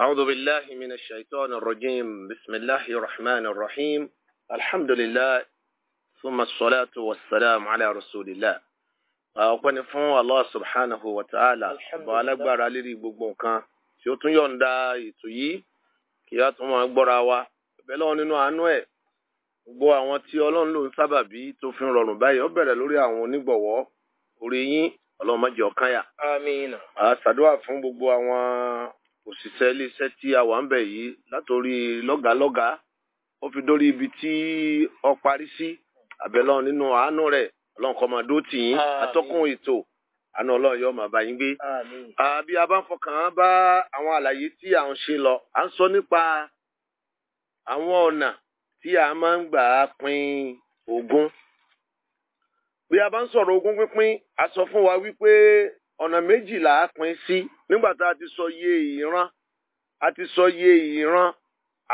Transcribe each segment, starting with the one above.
أعوذ بالله من الشيطان الرجيم بسم الله الرحمن الرحيم الحمد لله ثم الصلاة والسلام على رسول الله ọpẹ́ ni fún Allah subhanahu wa ta'ala ọba alágbára lérí gbogbo nǹkan tí ó tún yọ̀ǹda ètò yìí kí a tún máa gbọ́ra wa bẹ́ẹ̀ lọ́wọ́ nínú àánú ẹ̀ gbogbo àwọn tí ọlọ́run ló ń sábàbí tó fi ń rọrùn báyìí ó bẹ̀rẹ̀ lórí àwọn onígbọ̀wọ́ orí yín ọlọ́run má jẹ́ ó káyà. àmín. a ṣàdúrà fún gbogbo àwọn òṣìṣẹ́ iléeṣẹ́ tí a wà ń bẹ̀ yìí látòrí lọ́gàálọ́gàá ó fi dórí ibi tí ọ parí sí àbẹ̀lọ́ nínú àánú rẹ̀ ọlọ́run kó máa dó tì yín atọ́kùn ètò àánú ọlọ́run yóò máa bá yín gbé. bí a bá àwọn àlàyé tí à ń ṣe lọ à ń sọ nípa àwọn ọ̀nà tí a máa ń gbà pín ogún. bí a bá ń sọ̀rọ̀ ogún pínpín a sọ fún wa wípé ọ̀nà méjìlá pín sí nígbà tá a ti sọ iye ìran a ti sọ iye ìran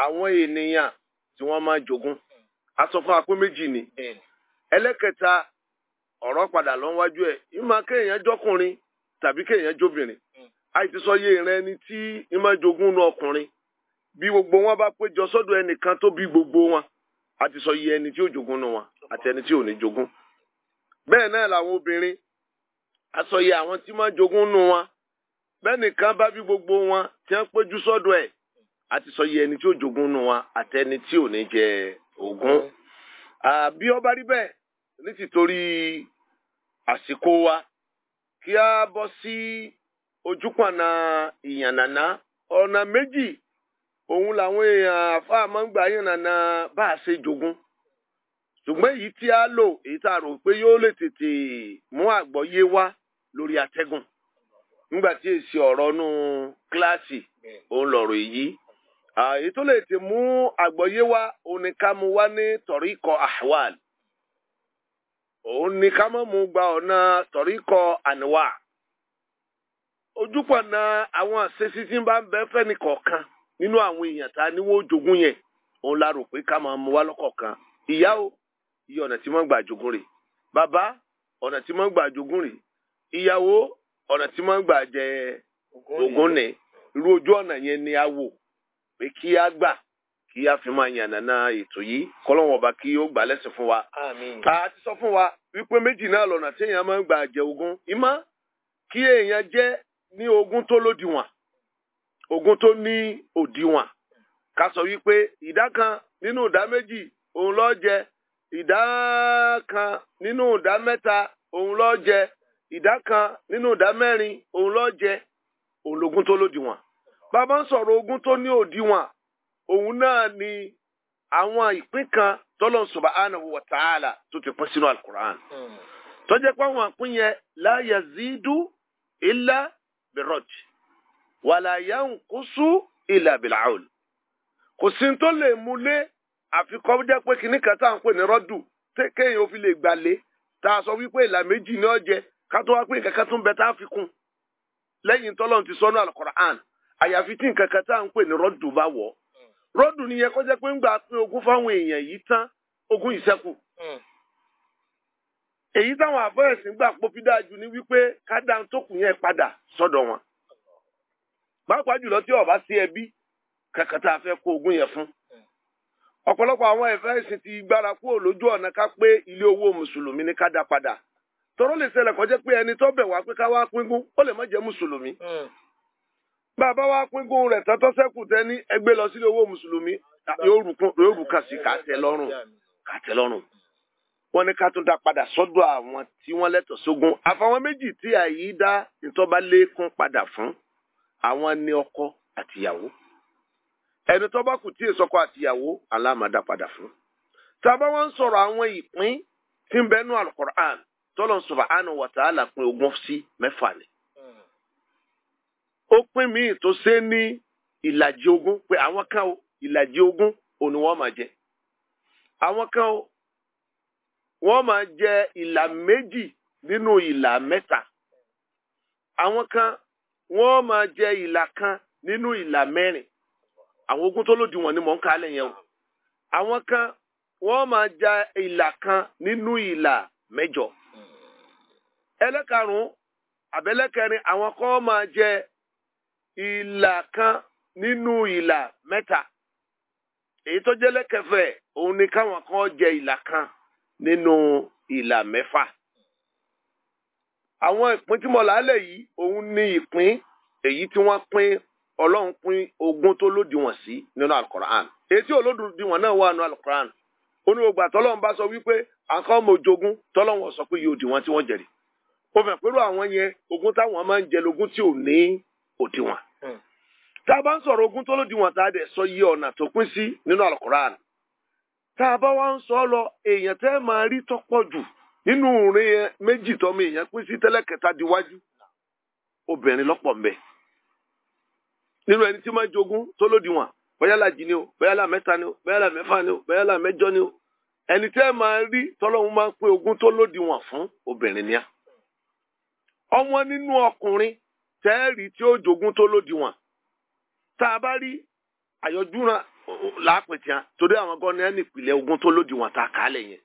àwọn ènìyàn tí wọ́n máa jogún a sọ fún apé méjì ni ẹlẹ́kẹta ọ̀rọ̀ padà lọ wájú ẹ̀ ìmọ̀ kéèyàn jọkùnrin tàbí kéèyàn jóbìnrin a ti sọ iye ìran ẹni tí ìmọ̀ jogún nu ọkùnrin bí gbogbo wọn bá péjọ sọ́dọ̀ ẹnìkan tó bí gbogbo wọn a ti sọ iye ẹni tí ó jogún nu wọn àti ẹni tí ò ní jogún bẹ́ẹ̀ náà làwọn obìnrin àsọyé àwọn tí máa jogún nù wọn bẹ́nìkan bá bí gbogbo wọn tí wọ́n péjú sọ́dọ̀ ẹ̀ àti sọyé ẹni tí ó jogún nù wọn àtẹni tí ò ní jẹ ogún. àbí ọba rí bẹ́ẹ̀ ní tìtorí àsìkò wa kí a bọ́ sí ojúpọ̀nà ìyànnànà ọ̀nà méjì òun làwọn èèyàn àfáà máa ń gbà yànnànà bá a ṣe jogún ṣùgbọ́n èyí tí a lò èyí tá a rò pé yóò lè tètè mú àgbọ́yé wá lórí atẹ́gùn nígbà tí èsì ọ̀rọ̀ nù kíláàsì òun lọ̀rọ̀ èyí èyí tó lè ti mú àgbọ́yé wa òun ni ká mú wá ní tọ̀ríkọ ahwal òun ni ká mọ̀ mú gba ọ̀nà tọ̀ríkọ àníwá ojúpọ̀ na àwọn àṣeṣí tí ń bá ń bẹ fẹ́ni kọ̀ọ̀kan nínú àwọn èèyàn ta ni wọ́n jogún yẹn òun la rò pé ká máa mú wá lọ́kọ̀ọ̀kan ìyá o iye ọ̀nà tí wọ́n gbà jogún rẹ̀ bàbá ọ̀nà tí wọ́n gbà jogún rẹ̀ ìyàwó ọ̀nà tí wọ́n gbà jẹ ogun ni irú ojú ọ̀nà yẹn ni a wò pé kí a gbà kí a fi máa yànnàna ètò yìí kọ́lọ́wọ́n ọba kí ó gbà lẹ́sìn fún wa. a ti sọ fún wa wípé méjì náà lọ́nà tí èèyàn máa ń gbà jẹ ki ìmọ̀ kí èèyàn jẹ́ ní ogún tó lódiwọ̀n ogún tó ní òdiwọ̀n ká sọ wípé ìdá kan nínú ìdá méjì òun ló jẹ ìdá kan nínú ìdá mẹ́ta òun jẹ ìdá kan nínú ìdá mẹ́rin òun ló jẹ òun lógún tó lòdìwọ̀n bàbá ń sọ̀rọ̀ ogún tó ní òdìwọ̀n òun náà ni àwọn ìpín kan tọ́lọ́ subhanahu wa ta'ala tó ti pín sínú alukur'an hmm. tó pé àwọn ìpín yẹn la yazidu illa birraj wala yanqusu illa bil'aul kò sí tó lè mú lé àfikọ́ jẹ́ pé kìnnìkan tá à ń pè ní rọ́dù kéèyàn fi lè gbalẹ̀ tá a sọ wípé ìlà méjì ni ó jẹ ká tó wá pé nǹkan kan tún bẹ tá a fi kún lẹ́yìn tọ́lọ́run ti sọ́nù alukoran àyàfi tí nǹkan kan tá à ń pè ní rọ́dù bá wọ̀ rọ́dù nìyẹn kó jẹ́ pé ń gbà pé ogún fáwọn èèyàn yìí tán ogún ìṣẹ́kù hmm. èyí táwọn àfẹ́rẹ̀sìn gbà pópí dájú ni wípé ká dá tó kù yẹn padà sọ́dọ̀ wọn pàápàá jùlọ tí ọba sí ẹbí kankan tá a fẹ́ kó ogún yẹn fún hmm. ọ̀pọ̀lọpọ̀ àwọn ẹ̀fẹ́rẹ̀sìn ti gbára kúrò lójú ọ̀nà ká pé ilé owó mùsùlùmí ni ká dá padà tọrọ lè ṣẹlẹ̀ kọjá pé ẹni tó bẹ̀ wá pé ká wá pínkún ó lè má jẹ́ mùsùlùmí hmm. bàbá wa pínkún rẹ̀ tán tó ṣẹ́kù tẹ́ni ẹgbẹ́ lọ sílé owó mùsùlùmí yóò rù kàn sí kàtẹ́ lọ́rùn kàtẹ́ lọ́rùn wọ́n ní ká tún dá padà sọ́dọ̀ àwọn tí wọ́n lẹ́tọ̀ọ́ sógun àfàwọn méjì tí àyí dá ìtọ́ba lékún padà fún àwọn ní ọkọ àtìyàwó ẹni tó bá kù tí èso ọkọ àtìyàwó aláàmàdá padà fún tàbá wọn ń sọ̀rọ̀ àwọn ìpín tí ń bẹnu alukur'an tọ́lọ́n subhanahu wa ta'ala pín ogún sí mẹ́fà ni. Hmm. ó pín míì tó ṣe ní ìlàjì ogún pé àwọn kan o ìlàjì ogún òun ni wọ́n máa jẹ. àwọn kan o wọ́n máa jẹ ìlà méjì nínú ìlà mẹ́ta. àwọn kan wọ́n máa jẹ ìlà kan nínú ìlà mẹ́rin. àwọn ogún tó lòdì ni mò ń kalẹ̀ yẹn o. àwọn kan wọ́n máa jẹ ìlà kan nínú ìlà mẹ́jọ ẹlẹ́karùn-ún àbẹ́lẹ́kẹrin àwọn kan máa jẹ ìlà kan nínú ìlà mẹ́ta èyí tó jẹ́ lẹ́kẹfẹ́ òun ni káwọn kan jẹ ìlà kan nínú ìlà mẹ́fà àwọn ìpín tí mo lálẹ́ yìí òun ni ìpín èyí tí wọ́n pín ọlọ́run pín ogún tó lòdìwọ̀n sí nínú alukoran èyí tí olódìwọ̀n náà wà nínú alukoran oníwògbà tọ́lọ́run bá sọ wípé àkọ́ ọmọ tọ́lọ́run sọ pé yóò dì tí wọ́n jẹ̀rì o fẹ́ pẹ̀lú àwọn yẹn ogún táwọn máa ń jẹ lógún tí ò ní òdiwọ̀n hmm. tá a bá ń sọ̀rọ̀ tó lòdìwọ̀n tá a dẹ̀ sọ yí ọ̀nà tó pín sí nínú alukoran tá a bá wá ń sọ lọ èèyàn tẹ́ máa rí tọ́pọ̀ jù nínú yẹn méjì tọ́mọ èèyàn pín sí diwájú obìnrin lọ́pọ̀ nínú ẹni tí máa jogún tó lòdìwọ̀n ni o bóyá mẹ́ta ni o mẹ́fà ọwọ́n nínú ọkùnrin tẹ́ẹ̀rì tí ó jogún tó lódiwọ̀n tá a bá rí àyọjúran lápẹ̀tìyàn torí àwọn gọ́ni ẹni ìpìlẹ̀ ogun tó lódiwọ̀n tá a kà á lẹ̀ yẹn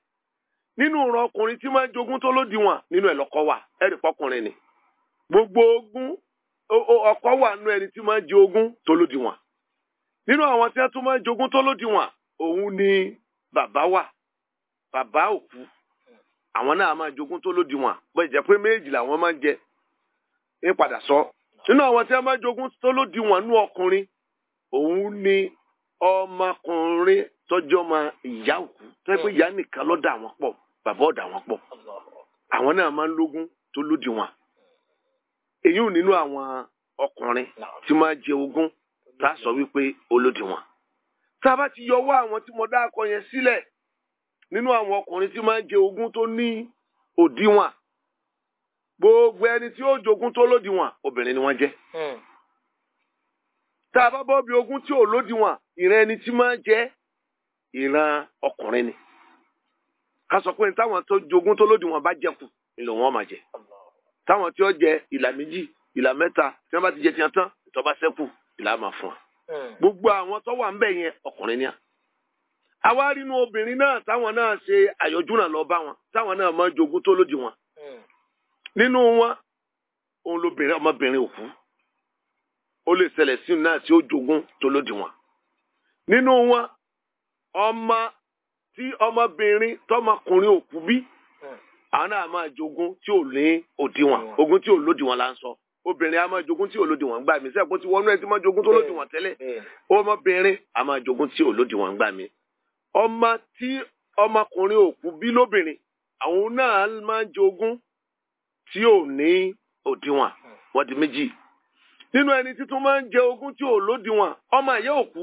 nínú ọ̀rọ̀ ọkùnrin tí máa ń jogún tó lódiwọ̀n nínú ẹ̀ lọ́kọ wà ẹ̀rì pọ́kùnrin ni gbogbo ogún ọkọ wà nínú ẹni tí máa ń jẹ tó lódiwọ̀n nínú àwọn tí wọ́n tún máa ń jogún tó lódiwọ̀n òun ni bàbá wà bàbá òkú àwọn náà máa jogún tó lódiwọ̀n bó jẹ́ pé méjì làwọn máa ń jẹ ń padà sọ nínú àwọn tí wọ́n máa jogún tó lódiwọ̀n nú ọkùnrin òun ni ọmọkùnrin tọ́jọ́ ma ìyá òkú tó yẹ pé ìyá nìkan ló dà wọ́n pọ̀ bàbá ọ̀dà wọ́n pọ̀ àwọn náà máa ń lógún tó lódiwọ̀n èyí ò nínú àwọn ọkùnrin tí máa jẹ ogún tá a sọ wípé olódiwọ̀n tá a bá ti yọwọ́ àwọn tí mo dá akọ yẹn sílẹ̀ nínú àwọn ọkùnrin tí máa ń jẹ ogún tó ní òdiwọ̀n gbogbo ẹni tí ó jogún tó lódiwọ̀n obìnrin ni wọ́n jẹ́ hmm. tá a bá bọ́ bí ogún tí ò lódiwọ̀n ìran ẹni tí máa ń jẹ ìran ọkùnrin ni ká sọ pé táwọn tó jogún tó lódiwọ̀n bá jẹ kù ìlò wọn máa jẹ táwọn tí ó jẹ ìlà méjì ìlà mẹ́ta tí wọ́n bá ti jẹ tiẹ̀ tán ìtọ́ bá ṣẹ́kù ìlà máa fún wa hmm. gbogbo àwọn tó wà ń bẹ̀ yẹn ọkùnrin ni à àwa rínú obìnrin náà táwọn náà ṣe àyọjú náà lọ bá wọn táwọn náà máa jogún tó lòdì wọn hmm. nínú wọn òun lóbìnrin ọmọbìnrin òkú ó lè ṣẹlẹ̀ sí náà tí ó jogún tó lòdì wọn nínú wọn ọmọ tí ọmọbìnrin tọmọkùnrin òkú bí hmm. àwọn náà máa jogún tí ò ní òdiwọ̀n hmm. ogún tí ò lòdì wọn là ń sọ obìnrin a máa jogún tí ò lòdì wọn gbà mí sẹ́kùn tí wọ́n náà ti máa jogún tó lòdì wọn tẹ́lẹ̀ ọmọbìnrin a máa jogún tí ò lòdì wọn gbà mí ọmọ tí ọmọkùnrin òkú bí lóbìnrin àwọn náà máa ń jogún tí ò ní òdiwọ̀n wọ́n di méjì nínú ẹni títún máa ń jẹ ogún tí ò lódiwọ̀n ọmọ ìyá òkú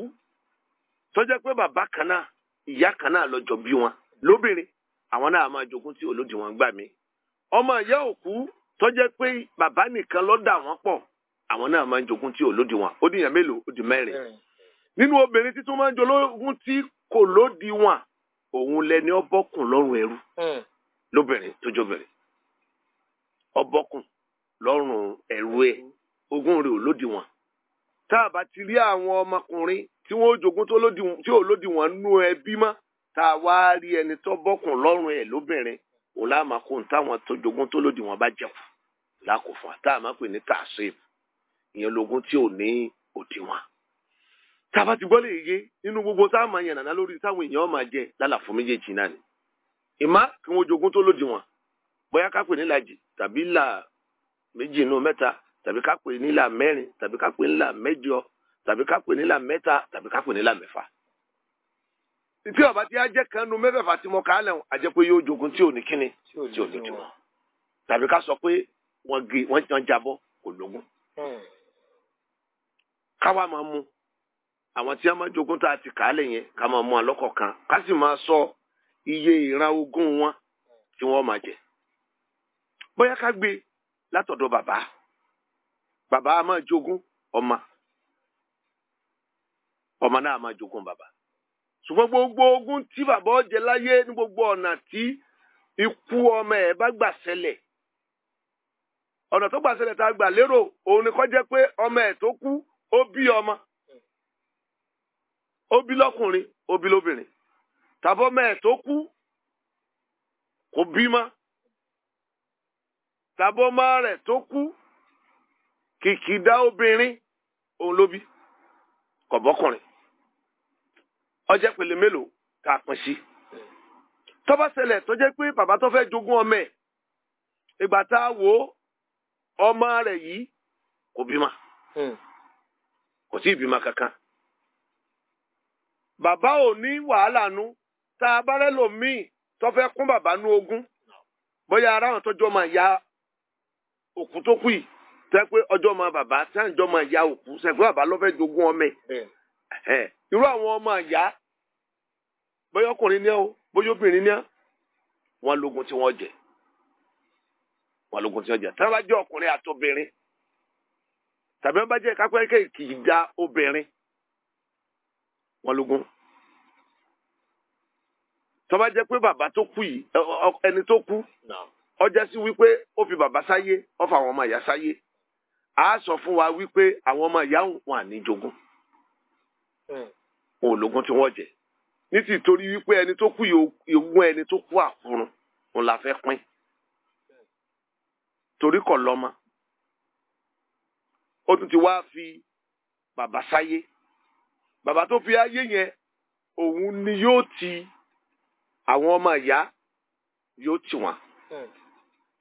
tó jẹ́ pé bàbá kan náà ìyá kan náà ló jọ bí wọn lóbìnrin àwọn náà máa jogún tí ò lódiwọ̀n gbà mí ọmọ ìyá òkú tó pé bàbá nìkan ló dà wọ́n àwọn náà máa ń jogún tí ò lódiwọ̀n ó dìyàn mélòó ó di mẹ́rin nínú obìnrin títún máa ń jogún tí kò lódiwọ̀n òun lẹni ọbọ̀kùn lọ́rùn ẹrú hmm. lóbìnrin tó ọbọ̀kùn ẹrú ẹ ogún rẹ̀ ò a bá ti rí àwọn ọmọkùnrin tí wọ́n jogún tí ò nú ẹbí mọ́ tá a wá rí ẹni tó bọ́kùn ẹ̀ lóbìnrin òun táwọn tó jogún a tába ti gbọ́ lè yé nínú gbogbo tá a máa yànnàná lórí táwọn èèyàn máa jẹ lálàfo méjèèjì náà ni ìmá kí wọn jogún tó lòdì wọn bóyá ká pè nílàjì tàbí là méjì inú mẹ́ta tàbí ká pè nílà mẹ́rin tàbí ká pè nílà mẹ́jọ tàbí ká pè nílà mẹ́ta tàbí ká pè nílà mẹ́fà. tí ọba tí a jẹ kan nu mẹ́fẹ̀ẹ̀fà tí mo kà á lẹ́hùn a jẹ́ pé yóò jogún tí ò ní kíni tí ò lòdì wọn tàbí ká sọ pé wọ́n gé jabọ́ kò lógún. Hmm. káwa máa mú àwọn tí a máa jogún tá a ti kàálẹ̀ yẹn ká máa mú kan ká sì máa sọ iye ìran ogún wọn tí wọ́n máa jẹ. bóyá ká gbé látọ̀dọ̀ bàbá bàbá a máa jogún ọmọ ọmọ náà a máa jogún bàbá. ṣùgbọ́n gbogbo ogún tí bàbá ó jẹ láyé ní gbogbo ọ̀nà tí ikú ọmọ ẹ̀ bá gbà ṣẹlẹ̀ ọ̀nà tó gbà ṣẹlẹ̀ tá a gbà lérò òun ni kó jẹ́ pé ọmọ ẹ̀ tó kú ó bí ọmọ ó bí lọ́kùnrin ó bí lóbìnrin tàbọ́ mẹ́ẹ̀ tó kú kò bímọ tàbọ́ máa rẹ̀ tó kú kìkìdá obìnrin òun ló bí kọ̀bọ́kùnrin ọjẹ́ pèlè mélòó tá a pín sí tọ́ba ṣẹlẹ̀ tó jẹ́ pé bàbá tó fẹ́ jogún ọmọ ẹ̀ ìgbà tá a wò ó ọmọ rẹ̀ yìí kò bímọ hmm. kò sí ìbímọ kankan bàbá ò ní wàhálà nu tá a bá rẹ́lò míì tó fẹ́ kún bàbá nu ogún bóyá ara àwọn tọ́jú ọmọ ìyá òkú tó kù yìí tó yẹ pé ọjọ́ ọmọ bàbá tí àwọn ìjọ ọmọ ìyá òkú sẹ́gbẹ́ bàbá lọ́fẹ́ jogún ọmọ ẹ̀ irú àwọn ọmọ ìyá bóyá ọkùnrin ni ẹ o bóyá obìnrin ni ẹ wọn lógun tí wọ́n jẹ wọn lógun tí wọ́n jẹ tí wọ́n bá jẹ ọkùnrin àtobìnrin tàbí wọ́n bá jẹ kápẹ́kẹ́ kì í da obìnrin wọn lógún tó bá jẹ́ pé bàbá tó kú yìí ẹni tó kú ó jẹ́ sí wípé ó fi bàbá sáyé ó fa àwọn ọmọ ìyá sáyé a sọ fún wa wípé àwọn ọmọ ìyá hmm. wọn àní jogún ológun tí wọ́n jẹ ní torí wípé ẹni tó kú ìwọ̀n ẹni tó kú àkúrun òun la fẹ́ pín torí kọ̀ lọ́mọ ó tún ti wá fi baba sáyé bàbá tó fi ayé yẹn òun ni yóò ti àwọn ọmọ ìyá yóò tì wọ́n hmm.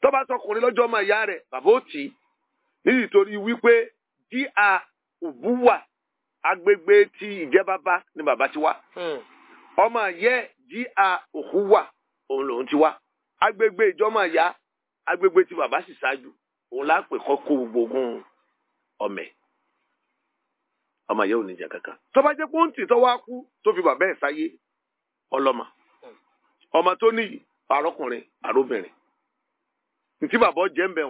tó bá sọkùnrin lọ́jọ́ ọmọ ìyá rẹ̀ bàbá ó tì nítorí wípé díà òbúwà agbègbè ti ìjẹbàbá ni bàbá ti wá hmm. ọmọ ìyẹ díà òhúwà òun lòun ti wá agbègbè ìjọmọ ìyá agbègbè ti bàbá sì ṣáájú òun lápè kọ́ kó gbogbo ọmọ ẹ̀. ọma yẹn ò níjà kankan tó bá jẹ́ pọ́ǹtì tó wá fi bàbá ẹ̀ sáyé ọlọ́mà ọmọ tó ní àrọ́kùnrin àrọ́bìnrin ntí bàbá jẹ́ ń bẹ̀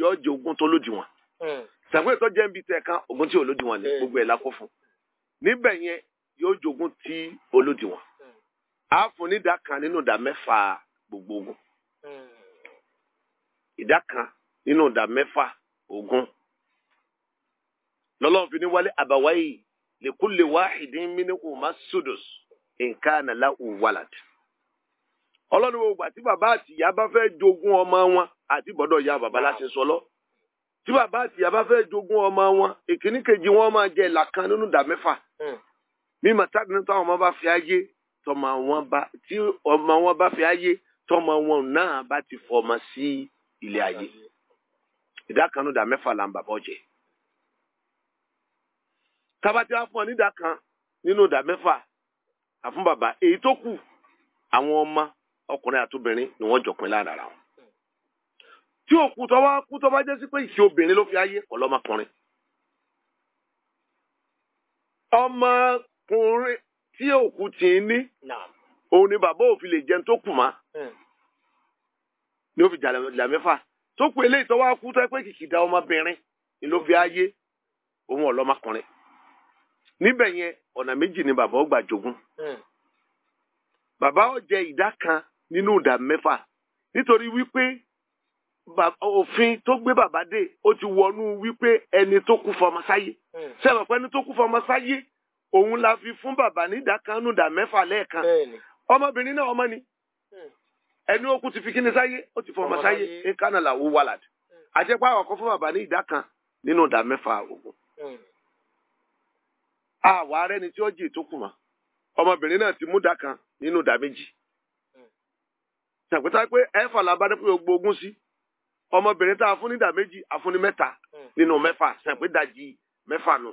yọ jẹ ogún tó hmm. sàgbéyìí tó jẹ́ ń bi tẹ̀ kan ogun tí olódì ni hmm. gbogbo ẹ̀ fún níbẹ̀ yẹn lọ́lọ́run fi ní wálé àbàwáyé li kulli wahidin minhuma sudus in kana lahu walad. ọlọ́run wo gbà tí bàbá àti ìyá bá fẹ́ jogún ọmọ wọn àti gbọ́dọ̀ ya bàbá láti sọ lọ. tí bàbá àti ìyá bá fẹ́ jogún ọmọ wọn ìkíní kejì wọn máa jẹ ìlà kan nínú ìdá mẹ́fà. mímọ táàbí táwọn ọmọ bá fi ayé tí ọmọ wọn bá fi ayé tọmọ wọn náà bá ti fọmọ sí ilé ayé. ìdá kan nínú ìdá mẹ́fà là ń bàbá tába tí wàá fún ọ nídà kan nínú ìdá mẹ́fà àfún bàbá èyí tó kù àwọn ọmọ ọkùnrin àtobìnrin ni wọ́n jọpin láàdára wọn. tí òkú tó wá kú tó bá jẹ́ sí pé ìṣe obìnrin ló fi ayé kọ̀ lọ́mọkùnrin. ọmọkùnrin tí òkú ti ń ní òun ni bàbá òfin lè jẹun tó kù mọ́ hmm. ni ó fi jà mẹ́fà tó kù eléyìí tó kú tó pé kìkì da ọmọbìnrin ni ló fi ayé òun ọ̀lọ́mọkùnrin níbẹ̀ yẹn ọ̀nà méjì ni bàbá ó gbà jogún hmm. bàbá ó jẹ ìdá kan nínú ìdá mẹ́fà nítorí wípé òfin tó gbé bàbá dé ó ti wọnú wípé ẹni tó kú fọmọ sáyé sẹ́wọ̀n hmm. pé ẹni tó kú fọmọ sáyé òun la fi fún bàbá ní ìdá kan nínú ìdá mẹ́fà lẹ́ẹ̀kan ọmọbìnrin náà ọmọ ni hmm. ẹni ó kú ti fi kíni sáyé ó ti fọmọ sáyé nǹkan náà wàlàdì àjẹpá ọkọ fún bàbá ní ìdá kan nínú ìdá mẹ́fà ogun àwa arẹni tí ó jì tó kù mọ́ ọmọbìnrin náà ti mú dà kan nínú dà méjì ṣàpẹtà pé ẹfà làbá dẹ́pẹ́ gbogbo ogún sí ọmọbìnrin tá a fún ní dà méjì a fún ní mẹ́ta nínú mẹ́fà ṣàpẹ́dàjì mẹ́fà nù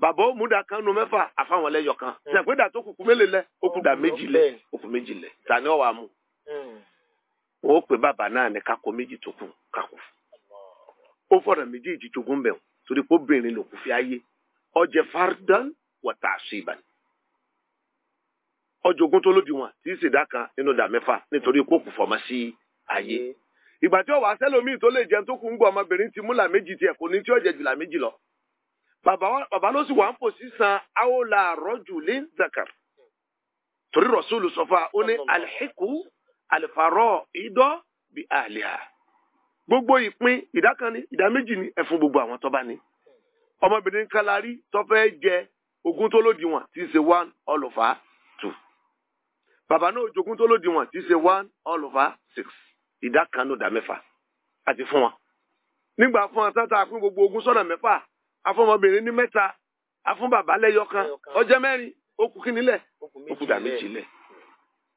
bàbá òmùdà kan nínú mẹ́fà àfáwọn ẹlẹ́yọ kan ṣàpẹ́dà tó kùkù mélòó lẹ okùn dà méjì lẹ okùn méjì lẹ tani ọ̀wà mu wọn ó pè bàbá náà ní kakọ méjì tó kù kakọ ó fọ̀rọ̀ méjì ìjì jogún bẹ̀ torí pé obìnrin lòkù fi ayé ọjẹ́ fardan wà tàṣìbàn ọjọ́gún tó lódiwọ̀n tí í ṣèdá kan nínú ìdá mẹ́fà nítorí kó kù fọmọ sí ayé mm. ìgbà tí ọwọ́ asẹ́lómìn tó lè jẹun tó kù ń gbọ́ ọmọbìnrin ti múlà méjì tiẹ̀ kò ní tí ó jẹ jùlà méjì lọ bàbá ló sì wà ń pò sísan aola rọ́jù lé zakar torí rọ̀ṣúlù sọ́fà ó ní alhiku alifarọ́ idọ́ bí àlìyà gbogbo ìpín ìdá kan ní ìdá méjì ní ẹ̀fún gbogbo àwọn tó bá ní ọmọbìnrin kan la rí tó fẹ́ jẹ ogún tó lòdìwọ̀n tí ṣe one all over two bàbá náà jogún tó lòdìwọ̀n tí ṣe one all over six ìdá kan ló dá mẹ́fà àti fún wọn. nígbà fún wọn tata àpín gbogbo ogún sọ̀nà mẹ́fà afọmọbìnrin ní mẹ́ta afún bàbá lẹ́yọ kan ó jẹ́ mẹ́rin ó kù kí nílẹ̀ ó kù dá méjì lẹ̀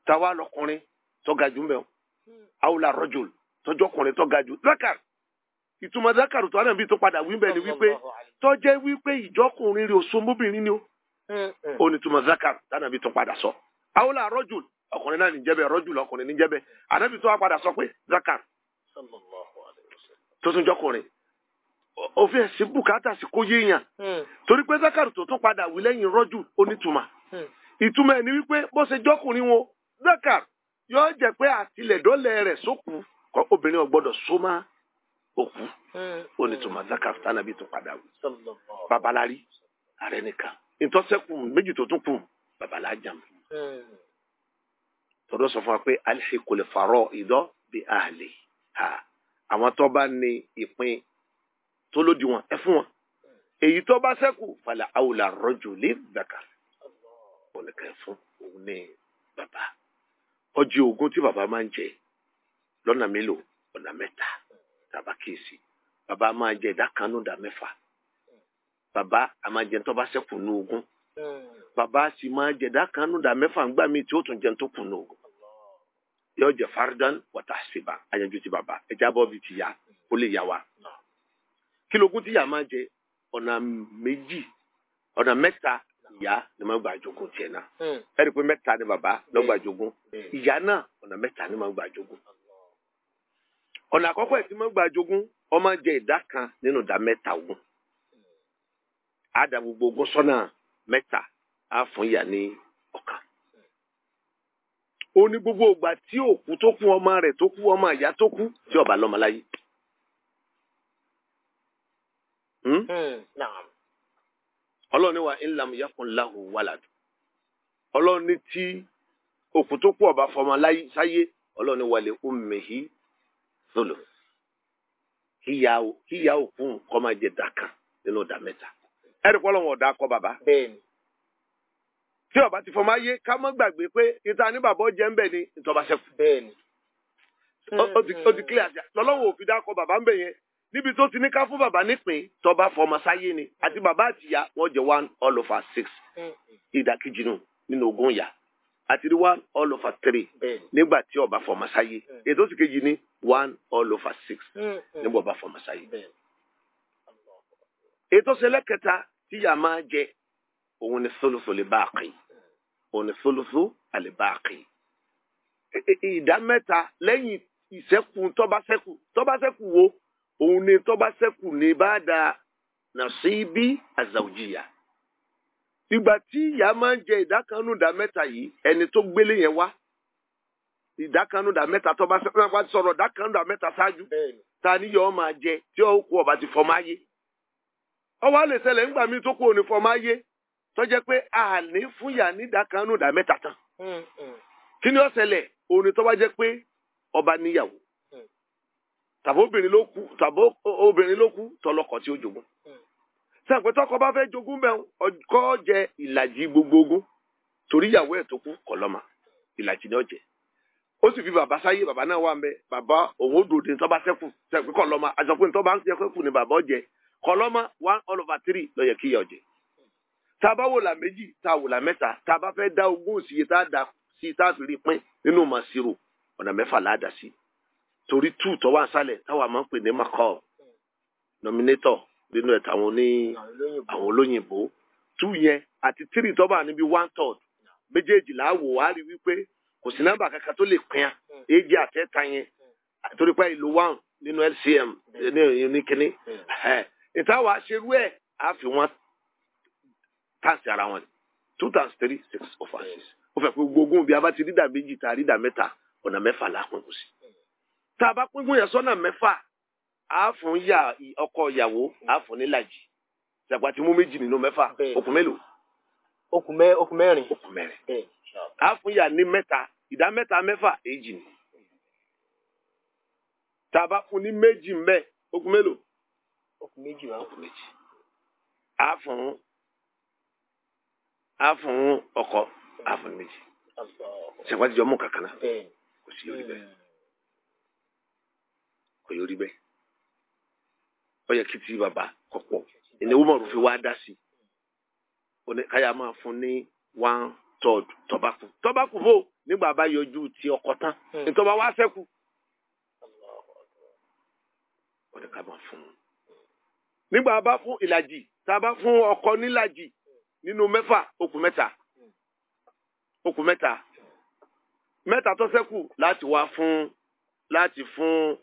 táwa lọkùnrin tó ga jù mẹ́wọ̀n àwòlà rọ́jò tọjọ́kùnrin tó ga jù dákàrú ìtumọ̀ dákàrú tó ànàbí tó padà wí bẹ́ẹ̀ ni wípé tó jẹ́ wípé ìjọkùnrin rẹ̀ òṣù ni ó onítùmọ̀ eh, eh. zakar tánàbí tó padà sọ àwọn àrọ́jù ọkùnrin náà níjẹ́bẹ̀ rọ́jù lọkùnrin níjẹ́bẹ̀ ànábì tó wá padà sọ pé zakar tó tún jọkùnrin òfin ẹ̀sìn bùkátà sí kó yéèyàn hmm. torí pé zakar tó tún padà wí lẹ́yìn rọ́jù onítùmọ̀ hmm. ìtumọ̀ ẹ̀ ni wípé bó ṣe jọkùnrin wọn zakar yóò jẹ́ pé àtìlẹ̀dọ́lẹ̀ rẹ̀ sókùn obìnrin ò só máa òkú mm. ó ní tùmọ̀ zakaf tánàbí tó padà wù babalárí ààrẹ nìkan ìtọ́sẹ́kù méjì tó tún kù babalájàm mm. tọ́dọ̀ sọ fún wa pé alihikul farọ ìdọ́ bí ahli ha àwọn tó bá ní ìpín tó lòdì wọn ẹ fún wọn èyí tó bá sẹ́kù falẹ̀ àwòlà rọ́jò lé zakaf ọ̀nìkan fún òun ní bàbá ọjọ́ ogún tí bàbá máa ń jẹ lọ́nà mélòó ọ̀nà mẹ́ta tàbá kíyèsí bàbá a máa jẹ ìdá kan nù dá mẹ́fà bàbá a máa jẹ tó bá ṣẹ́kù nù ogún bàbá a sì máa jẹ ìdá kan nù dá mẹ́fà ńgbà míì tí ó tún jẹ tó kù nù ogún yóò jẹ faridan wọta síba ayanju ti bàbá ẹja bọ́ bi ti yá ó lè yá wa kílógún ti yá máa jẹ ọ̀nà méjì ọ̀nà mẹ́ta ìyá ni máa gbà jogún tiẹ̀ náà hmm. ẹ̀rí pé mẹ́ta ni bàbá lọ́gbà hmm. jogún ìyá náà ọ̀nà mẹ́ta ni máa gbà jogún ọ̀nà àkọ́kọ́ ẹ̀ tí mọ́ gbà jogún ọmọ jẹ ìdá kan nínú ìdá mẹ́ta ogún àdá gbogbo ogún sọ́nà mẹ́ta á fún ìyá ní ọ̀kan. ó ní gbogbo ìgbà tí òkú tó kú ọmọ rẹ̀ tó kú ọmọ ìyá tó kú tí ó bá lọ́mọ láyé. Hmm? Hmm, ọlọ́run ní wa ńlam yakun lahu waladu ọlọ́run ní tí òkú tó kú ó fọmọ sáyé ọlọ́run ní wa li ummihi tólò kíyà òkú nǹkan máa jẹ dàkà nínú ọ̀dà mẹ́ta ẹ̀rí pọ́ lọ́wọ́ ọ̀dà akọ bàbá. tí ọba ti fọmọ ayé ká mọ́ gbàgbé pé ìta ní bàbá ọ̀jẹ̀ ń bẹ̀ ni ìtọ́ba ṣẹ́kù. ó ti kílẹ̀ àṣà lọ́lọ́wọ́ òfin dákọ bàbá ń bẹ̀ yẹn níbi tó ti ní ká fún bàbá nípìn tọ́ba fọmọ sáyé ni àti bàbá àtìyá wọ́n jẹ́ one all of us six mm-hmm. ìdàkejì nù nínú ogún ìyá àti rí one all over three nígbà tí ọba fọmọ sáyé ètò sì kejì ní one all over six mm, mm. nígbà ọba fọmọ sáyé ètò sẹlẹ̀kẹta tí yà máa jẹ òun ni sólùsù lè bá a kì mm. òun ni sólùsù àlè bá a kì ìdá mẹ́ta lẹ́yìn ìṣẹ́kù tọ́ba ṣẹ́kù wo òun ni tọ́ba ṣẹ́kù bá a da nàṣíbí àzàwùjìyà. ìgbà tí ìyá máa ń jẹ ìdákanúdà mẹ́ta yìí ẹni tó gbélé yẹn wá tọba mẹ́ta tó bá sọ̀rọ̀ ìdákanúdà mẹ́ta ṣáájú ta ni yọ máa jẹ tí ó kú ọba ti fọmọ ayé ọwọ́ àlè ṣẹlẹ̀ ńgbà mi tó kú òní fọmọ ayé tó jẹ́ pé àní fúnyà ní mẹ́ta tán hmm, hmm. ni òní tó bá jẹ́ pé ọba níyàwó hmm. tàbí obìnrin ló kú tọlọkọ sàǹpẹ́ tọkọ bá fẹ́ jogún bẹ́ẹ̀ ọkọ jẹ ìlàjì gbogbo ogún torí ìyàwó ẹ̀ tó kú kọlọ́mà ìlàjì náà jẹ ó sì fi bàbá sáyé bàbá náà wà mbẹ bàbá òun ó dòde ní tọ́ba sẹ́kù sẹ́kù kọlọ́mà àjọpọ̀ ní tọ́ba ń sẹ́kù ní bàbá ọ̀jẹ̀ kọlọ́mà one all over three ló yẹ kí ìyà ọ̀jẹ̀ tá a bá wò là méjì tá a wò là mẹ́ta tá a bá fẹ́ dá ogún òsìyẹ two tó wà sálẹ̀ táwa nominator nínú ẹ̀ tàwọn ní àwọn olóyìnbó two yẹn àti three tó bá níbi one third méjèèjì láàwò á rí wípé kò sí nọ́mbà kankan tó lè pín a èjì àti ẹ̀ta yẹn torí pé ìlú one nínú LCM ní kíní ìtawà aṣerú ẹ̀ á fi wọ́n tàǹsì ara wọn two thousand three six or five six ó fẹ́ pé gbogbo bí a bá ti rídà méjì ta rídà mẹ́ta ọ̀nà mẹ́fà la kù sí tá a bá pín fún sọ́nà mẹ́fà a fún ya ọkọ ìyàwó a fún ní làjì ṣàgbà tí mú méjì nínú mẹ́fà okùn mélòó. okùn mẹ okùn mẹ́rin. okùn mẹ́rin a fún ya ní mẹ́ta ìdá mẹ́ta mẹ́fà èjì ni tá a bá fún ní méjì mbẹ okùn mélòó. okùn méjì wa okùn méjì. a fún a fún ọkọ a fún méjì ṣàgbà tí jọ mú kankan kò sí orí kò yóò ọyẹ kìtì baba kọ̀pọ̀ ìní Umaru fi wá dá sí i káyà máa fún ní one third tọ́bákù tọ́bákù fò nígbà bá yọjú ti ọkọ̀ tán ìtọ́ba hmm. wá sẹ́kù ọ̀dẹ̀ ká máa fún un nígbà bá fún ìlàjì tá a bá fún ọkọ nílàjì nínú mẹ́fà okùn mẹ́ta okùn mẹ́ta mẹ́ta tó sẹ́kù láti wá fún láti fún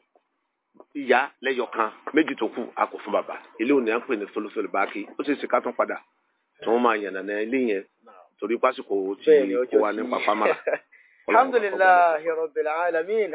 ìyá lẹ́yọ̀kan méjì tó kù a kò fún bàbá ilé òní à ń pè ní solosolo báàkì ó sì ṣe ká tún padà tí wọ́n máa yànnà náà ilé yẹn torí pásìkò tí kò wá ní pàpámàrà. alhamdulilayi